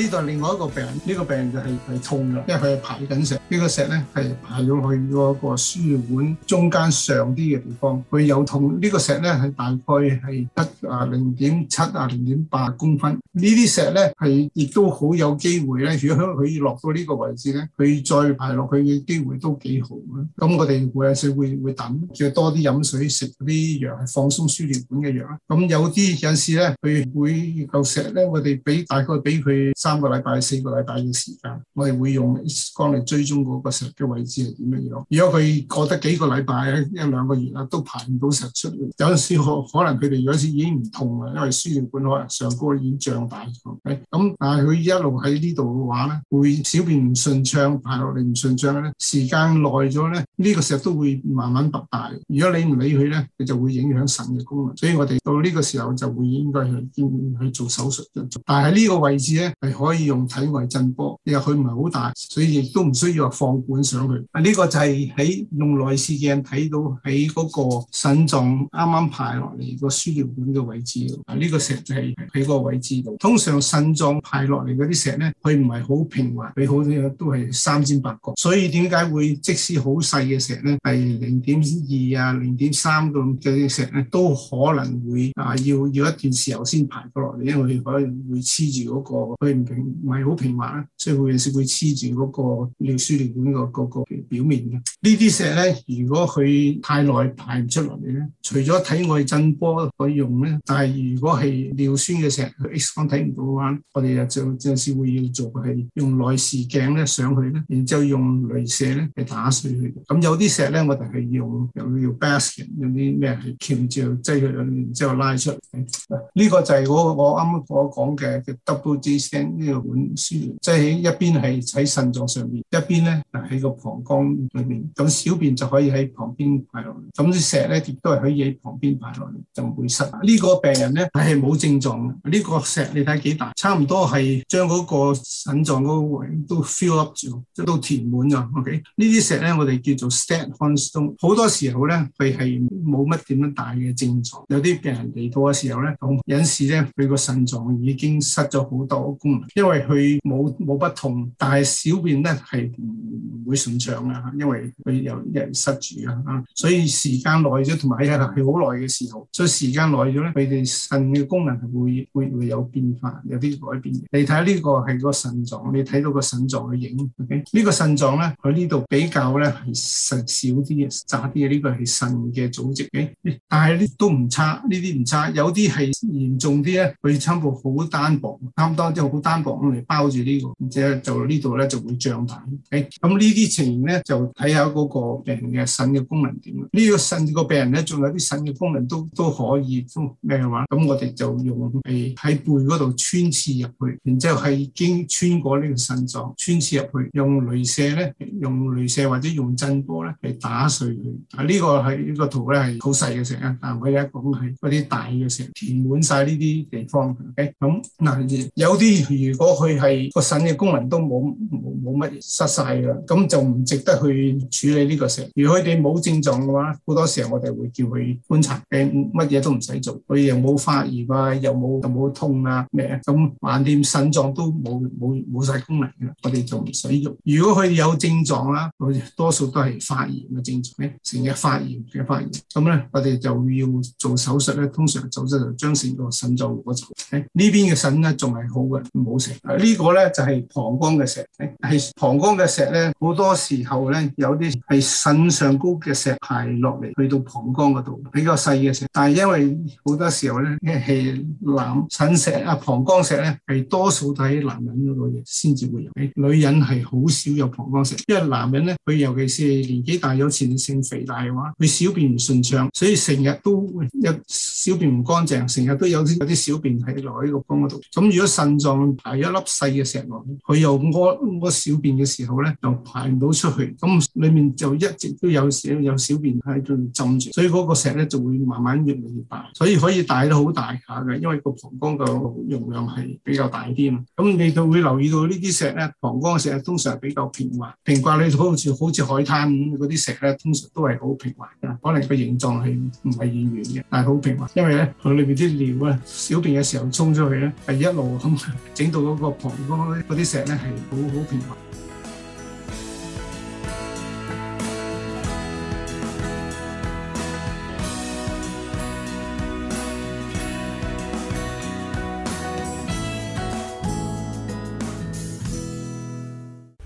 呢度係另外一個病，呢、這個病就係、是、係痛嘅，因為佢係排緊石，呢、這個石咧係排到去嗰個輸尿管中間上啲嘅地方，佢有痛。呢、這個石咧係大概係得啊零點七啊零點八公分，這些呢啲石咧係亦都好有機會咧，如果佢落到呢個位置咧，佢再排落去嘅機會都幾好。咁我哋會有時會會等，再多啲飲水，食嗰啲藥放鬆輸尿管嘅藥。咁有啲有時咧，佢會嚿石咧，我哋俾大概俾佢。三個禮拜、四個禮拜嘅時間，我哋會用光嚟追蹤嗰個石嘅位置係點樣樣。如果佢過得幾個禮拜一兩個月啦，都排唔到石出嚟，有陣時可可能佢哋有陣時已經唔痛啦，因為輸尿管可能上高已經脹大咗。咁但係佢一路喺呢度嘅話咧，會小便唔順暢，排落嚟唔順暢咧，時間耐咗咧，呢、呢個石都會慢慢拔大。如果你唔理佢咧，佢就會影響腎嘅功能。所以我哋到呢個時候就會應該去應該去做手術。但係呢個位置咧可以用體外震波，因為佢唔係好大，所以亦都唔需要話放管上去。啊，呢個就係喺用內視鏡睇到喺嗰個腎臟啱啱排落嚟個輸尿管嘅位置。啊，呢個石就係喺個位置度。通常腎臟排落嚟嗰啲石咧，佢唔係好平滑，佢好似都係三尖八角。所以點解會即使好細嘅石咧，係零點二啊、零點三咁嘅石咧，都可能會啊要要一段時候先排翻落嚟，因為佢可能會黐住嗰個佢。它唔係好平滑，所以有時會黐住嗰個尿輸尿管個個個表面嘅呢啲石咧，如果佢太耐排唔出嚟咧，除咗體外震波可以用咧，但係如果係尿酸嘅石，佢 X 光睇唔到嘅話，我哋就就時會要做係用內視鏡咧上去咧，然之後用雷射咧去打碎佢。咁有啲石咧，我哋係用用叫 basket 用啲咩係鉛即擠佢，然之後拉出嚟。呢、這個就係我啱啱我講嘅嘅 double J string 呢本書即係一邊係喺腎臟上面，一邊咧喺個膀胱裏面，咁小便就可以喺旁邊排落嚟。咁啲石咧亦都係可以喺旁邊排落嚟，就唔會塞。呢個病人咧係冇症狀嘅。呢個石你睇幾大，差唔多係將嗰個腎臟嗰個位都 fill up 住，即都填滿咗。OK，呢啲石咧我哋叫做 staghorn stone。好多時候咧佢係冇乜點樣大嘅症狀。有啲病人嚟到嘅時候咧，引時咧佢個腎臟已經失咗好多功能。因為佢冇冇不痛，但係小便咧係唔會順暢嘅，因為佢有有塞住啊，所以時間耐咗，同埋一日係好耐嘅時候，所以時間耐咗咧，佢哋腎嘅功能係會會會有變化，有啲改變嘅。你睇下呢個係個腎臟，你睇到個腎臟嘅影。O.K. 呢個腎臟咧，佢呢度比較咧係實少啲嘅窄啲嘅，呢、這個係腎嘅組織。嘅、哎，但係呢都唔差，呢啲唔差，有啲係嚴重啲咧，佢參部好單薄，擔多啲好咁嚟包住呢、這個，然之後就呢度咧就會脹大。咁呢啲情形咧就睇下嗰個病人嘅腎嘅功能點。呢個腎個病人咧仲、這個、有啲腎嘅功能都都可以，咩、嗯、話？咁我哋就用喺、哎、背嗰度穿刺入去，然之後係經穿過呢個腎臟穿刺入去，用雷射咧，用雷射或者用震波咧嚟打碎佢。啊、這個，呢個係呢個圖咧係好細嘅石啊，但我而家講係嗰啲大嘅石，填滿晒呢啲地方。咁、哎、嗱，有啲。如果佢係個腎嘅功能都冇冇冇乜失曬嘅，咁就唔值得去處理呢個石。如果佢哋冇症狀嘅話，好多時候我哋會叫佢觀察，誒乜嘢都唔使做，佢又冇發炎啊，又冇又冇痛啊咩啊，咁橫掂腎臟都冇冇冇曬功能嘅，我哋就唔使做。如果佢哋有症狀啦，我哋多數都係發炎嘅症狀咧，成日發炎嘅發炎。咁咧，我哋就要做手術咧，通常手術就將成個腎臟攞走。呢邊嘅腎咧仲係好嘅。冇、就是、石，呢個咧就係膀胱嘅石，係膀胱嘅石咧，好多時候咧有啲係腎上高嘅石排落嚟去到膀胱嗰度，比較細嘅石。但係因為好多時候咧係男腎石啊、膀胱石咧係多數睇喺男人嗰度嘅先至會有，女人係好少有膀胱石，因為男人咧，佢尤其是年紀大有前列腺肥大嘅話，佢小便唔順暢，所以成日都，都會有小便唔乾淨，成日都有啲有啲小便係落喺個肝嗰度。咁如果腎臟排一粒細嘅石落，佢又屙個小便嘅時候咧，就排唔到出去，咁裏面就一直都有有小便喺度浸住，所以嗰個石咧就會慢慢越嚟越大，所以可以大到好大下嘅，因為個膀胱嘅容量係比較大啲嘛。咁你就會留意到呢啲石咧，膀胱石咧通常比較平滑，平滑你睇好似好似海灘咁嗰啲石咧，通常都係好平滑嘅。可能個形狀係唔係圓圓嘅，但係好平滑，因為咧佢裏面啲尿咧，小便嘅時候衝出去咧，係一路咁整到嗰個膀胱嗰啲嗰啲石呢，係好好平滑。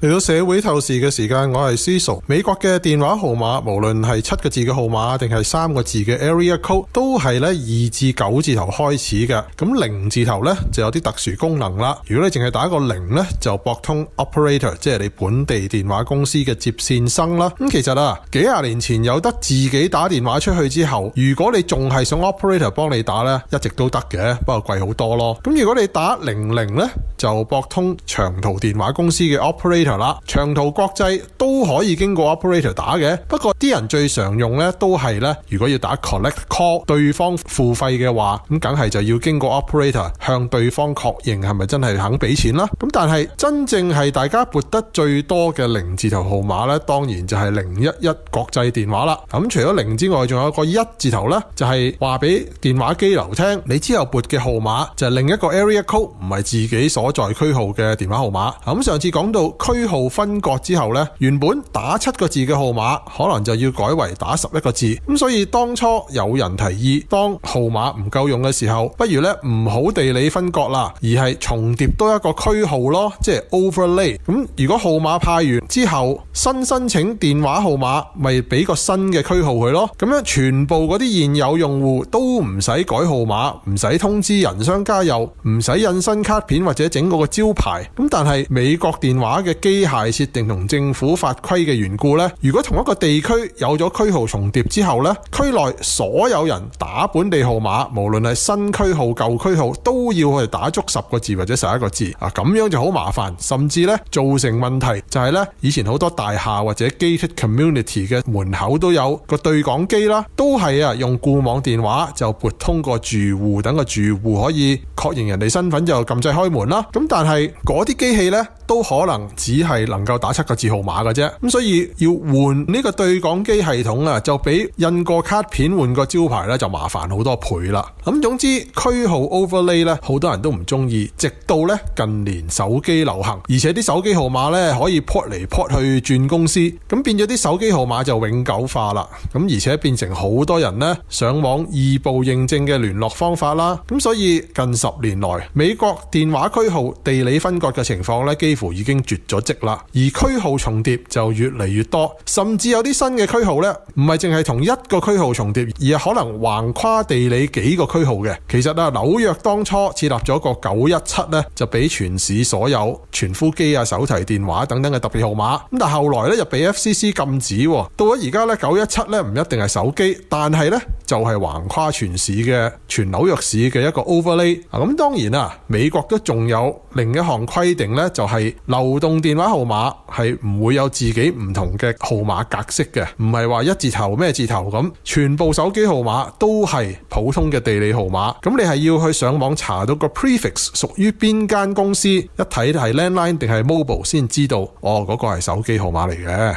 嚟到社會透視嘅時間，我係 Cecil 美國嘅電話號碼，無論係七個字嘅號碼定係三個字嘅 area code，都係咧二至九字頭開始嘅。咁零字頭呢就有啲特殊功能啦。如果你淨係打一個零呢，就撥通 operator，即係你本地電話公司嘅接線生啦。咁、嗯、其實啊，幾廿年前有得自己打電話出去之後，如果你仲係想 operator 幫你打呢，一直都得嘅，不過貴好多咯。咁如果你打零零呢，就撥通長途電話公司嘅 operator。啦，長途國際都可以經過 operator 打嘅，不過啲人最常用咧，都係咧，如果要打 collect call 對方付費嘅話，咁梗係就要經過 operator 向對方確認係咪真係肯俾錢啦。咁但係真正係大家撥得最多嘅零字頭號碼咧，當然就係零一一國際電話啦。咁除咗零之外，仲有個一字頭咧，就係話俾電話機樓聽，你之後撥嘅號碼就係另一個 area code，唔係自己所在區號嘅電話號碼。咁上次講到區。區號分割之後呢，原本打七個字嘅號碼可能就要改為打十一個字。咁所以當初有人提議，當號碼唔夠用嘅時候，不如呢唔好地理分割啦，而係重疊多一個區號咯，即係 overlay。咁如果號碼派完之後，新申請電話號碼咪俾個新嘅區號佢咯。咁樣全部嗰啲現有用戶都唔使改號碼，唔使通知人商加油，唔使印新卡片或者整嗰個招牌。咁但係美國電話嘅機。機械設定同政府法規嘅緣故呢，如果同一個地區有咗區號重疊之後呢，區內所有人打本地號碼，無論係新區號、舊區號，都要去打足十個字或者十一個字啊，咁樣就好麻煩，甚至呢造成問題就係呢，以前好多大廈或者 Gated community 嘅門口都有個對講機啦，都係啊用固網電話就撥通過住戶，等個住戶可以確認人哋身份就撳掣開門啦。咁但係嗰啲機器呢。都可能只係能夠打七個字號碼嘅啫，咁所以要換呢個對講機系統啊，就比印個卡片換個招牌咧就麻煩好多倍啦。咁總之區號 overlay 咧，好多人都唔中意。直到咧近年手機流行，而且啲手機號碼咧可以 port 嚟 port 去轉公司，咁變咗啲手機號碼就永久化啦。咁而且變成好多人咧上網二步認證嘅聯絡方法啦。咁所以近十年來，美國電話區號地理分割嘅情況咧似乎已經絕咗迹啦，而區號重疊就越嚟越多，甚至有啲新嘅區號呢，唔係淨係同一個區號重疊，而係可能橫跨地理幾個區號嘅。其實啊，紐約當初設立咗個917呢，就俾全市所有傳呼機啊、手提電話等等嘅特別號碼。咁但係後來呢又俾 FCC 禁止，到咗而家呢，917呢唔一定係手機，但係呢。就係橫跨全市嘅全紐約市嘅一個 overlay。咁、啊、當然啦、啊，美國都仲有另一項規定呢就係、係、流動電話號碼係唔會有自己唔同嘅號碼格式嘅，唔係話一字頭咩字頭咁，全部手機號碼都係普通嘅地理號碼。咁你係要去上網查到個 prefix 屬於邊間公司，一睇係 landline 定係 mobile 先知道，哦嗰、嗰個係手機號碼嚟嘅。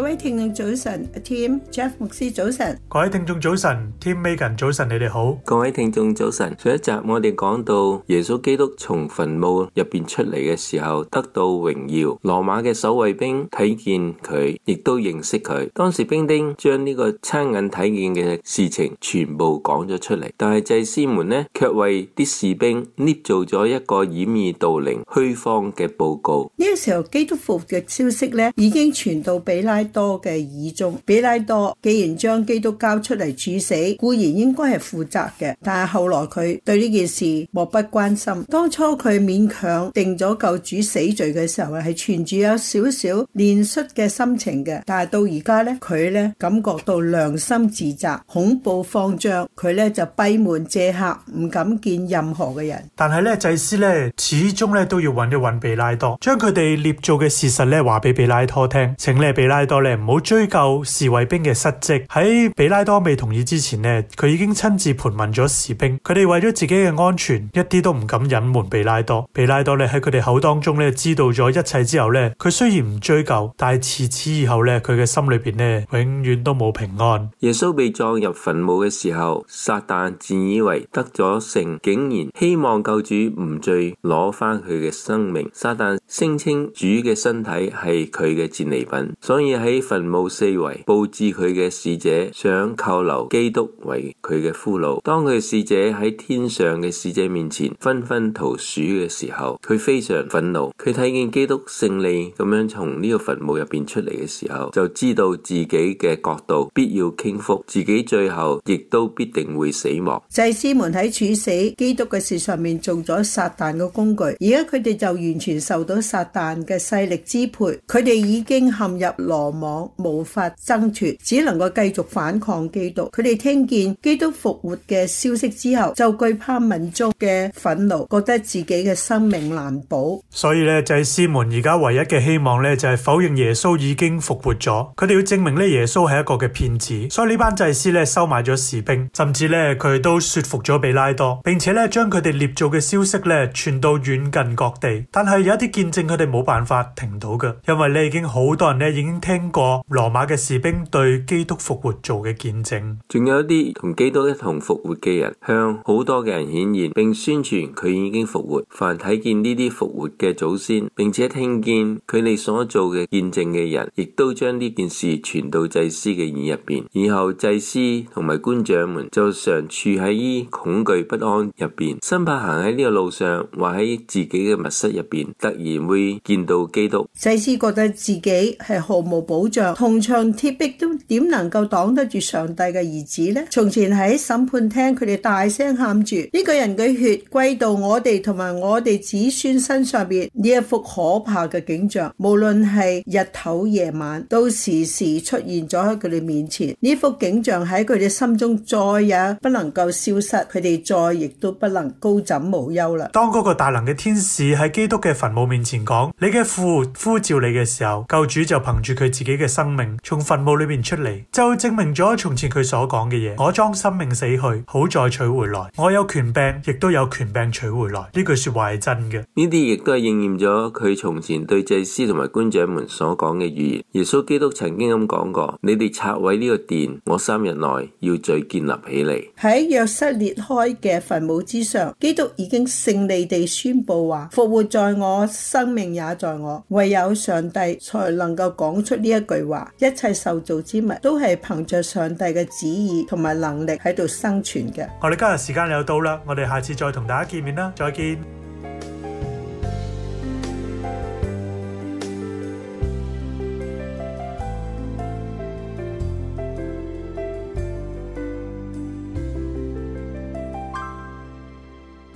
各位聽眾早晨，阿 Tim、Jeff 牧師早晨，各位聽眾早晨，Tim、Megan 早晨，你哋好，各位聽眾早晨。上一集我哋講到耶穌基督從墳墓入邊出嚟嘅時候得到榮耀，羅馬嘅守衛兵睇見佢，亦都認識佢。當時兵丁將呢個親眼睇見嘅事情全部講咗出嚟，但係祭司們呢，卻為啲士兵捏造咗一個掩耳盜鈴、虛謊嘅報告。呢個時候，基督徒嘅消息呢，已經傳到比拉多嘅耳中，比拉多既然將基督交出嚟處死，固然應該係負責嘅，但係後來佢對呢件事漠不關心。當初佢勉強定咗救主死罪嘅時候，係存住有少少憐恤嘅心情嘅，但係到而家咧，佢咧感覺到良心自責、恐怖方、慌張，佢咧就閉門謝客，唔敢見任何嘅人。但係咧祭司咧始終咧都要揾一揾比拉多，將佢哋捏造嘅事實咧話俾比拉多聽，請你比拉。到咧唔好追究侍衛兵嘅失職。喺比拉多未同意之前呢，佢已經親自盤問咗士兵，佢哋為咗自己嘅安全，一啲都唔敢隱瞞比拉多。比拉多咧喺佢哋口當中咧知道咗一切之後咧，佢雖然唔追究，但係自此以後咧，佢嘅心裏邊咧永遠都冇平安。耶穌被葬入墳墓嘅時候，撒旦自以為得咗勝，竟然希望救主唔再攞翻佢嘅生命。撒旦聲稱主嘅身體係佢嘅戰利品，所以。喺墳墓四圍佈置佢嘅使者，想扣留基督為佢嘅俘虜。當佢嘅使者喺天上嘅使者面前紛紛逃鼠嘅時候，佢非常憤怒。佢睇見基督勝利咁樣從呢個墳墓入邊出嚟嘅時候，就知道自己嘅國度必要傾覆，自己最後亦都必定會死亡。祭司們喺處死基督嘅事上面做咗撒旦嘅工具，而家佢哋就完全受到撒旦嘅勢力支配。佢哋已經陷入羅網無法掙脱，只能夠繼續反抗基督。佢哋聽見基督復活嘅消息之後，就懼怕民族嘅憤怒，覺得自己嘅生命難保。所以咧，祭司們而家唯一嘅希望咧，就係否認耶穌已經復活咗。佢哋要證明咧，耶穌係一個嘅騙子。所以呢班祭司咧，收買咗士兵，甚至咧佢都說服咗比拉多，並且咧將佢哋捏造嘅消息咧傳到遠近各地。但係有一啲見證，佢哋冇辦法停到㗎，因為咧已經好多人咧已經聽。經過羅馬嘅士兵對基督復活做嘅見證，仲有一啲同基督一同復活嘅人向好多嘅人顯現，並宣傳佢已經復活。凡睇見呢啲復活嘅祖先，並且聽見佢哋所做嘅見證嘅人，亦都將呢件事傳到祭司嘅耳入邊。以後祭司同埋官長們就常處喺於恐懼不安入邊，生怕行喺呢個路上，或喺自己嘅密室入邊，突然會見到基督。祭司覺得自己係毫無。保障銅牆鐵壁都點能夠擋得住上帝嘅兒子呢？從前喺審判廳，佢哋大聲喊住：呢個人嘅血歸到我哋同埋我哋子孫身上邊，呢一幅可怕嘅景象，無論係日頭夜晚，都時時出現咗喺佢哋面前。呢幅景象喺佢哋心中再也不能夠消失，佢哋再亦都不能高枕無憂啦。當嗰個大能嘅天使喺基督嘅墳墓面前講：你嘅父呼召你嘅時候，救主就憑住佢。自己嘅生命從墳墓裏邊出嚟，就證明咗從前佢所講嘅嘢。我將生命死去，好再取回來；我有權柄，亦都有權柄取回來。呢句說話係真嘅。呢啲亦都係應驗咗佢從前對祭司同埋官長們所講嘅預言。耶穌基督曾經咁講過：你哋拆毀呢個殿，我三日內要再建立起嚟。喺約瑟裂開嘅墳墓之上，基督已經勝利地宣布話：復活在我，生命也在我。唯有上帝才能夠講出呢呢一句話，一切受造之物都係憑着上帝嘅旨意同埋能力喺度生存嘅。我哋今日時間又到啦，我哋下次再同大家見面啦，再見。